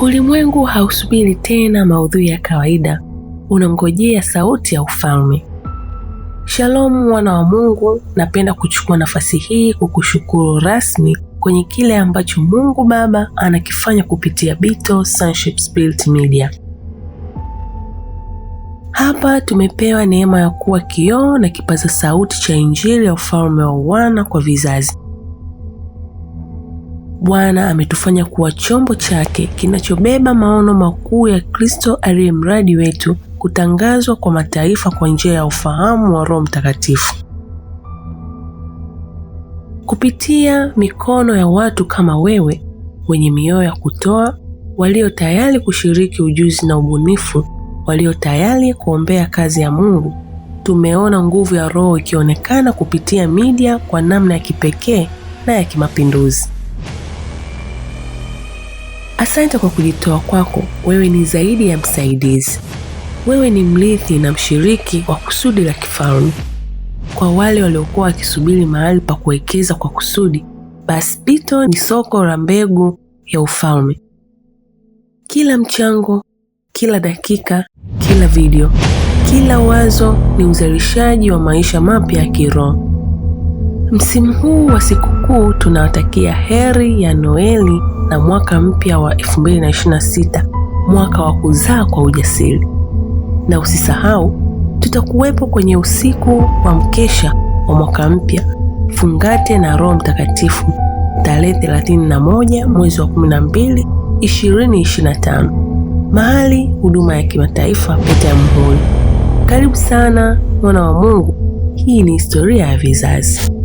Ulimwengu hausubiri tena maudhui ya kawaida, unangojea sauti ya ufalme. Shalom mwana wa Mungu, napenda kuchukua nafasi hii kukushukuru rasmi kwenye kile ambacho Mungu Baba anakifanya kupitia Bito Sonship Spirit Media. Hapa tumepewa neema ya kuwa kioo na kipaza sauti cha Injili ya ufalme wa wana kwa vizazi. Bwana ametufanya kuwa chombo chake kinachobeba maono makuu ya Kristo aliye mradi wetu kutangazwa kwa mataifa kwa njia ya ufahamu wa Roho Mtakatifu. Kupitia mikono ya watu kama wewe wenye mioyo ya kutoa, walio tayari kushiriki ujuzi na ubunifu, walio tayari kuombea kazi ya Mungu, tumeona nguvu ya Roho ikionekana kupitia media kwa namna ya kipekee na ya kimapinduzi. Asante kwa kujitoa kwako. Wewe ni zaidi ya msaidizi, wewe ni mrithi na mshiriki wa kusudi la kifalme. Kwa wale waliokuwa wakisubiri mahali pa kuwekeza kwa kusudi, basi Pito ni soko la mbegu ya ufalme. Kila mchango, kila dakika, kila video, kila wazo ni uzalishaji wa maisha mapya ya kiroho. Msimu huu wa sikukuu tunawatakia heri ya Noeli na mwaka mpya wa 2026, mwaka wa kuzaa kwa ujasiri. Na usisahau tutakuwepo kwenye usiku wa mkesha wa mwaka mpya fungate na Roho Mtakatifu tarehe 31 mwezi wa 12 2025, mahali huduma ya kimataifa Pete ya Muhuri. Karibu sana mwana wa Mungu, hii ni historia ya vizazi.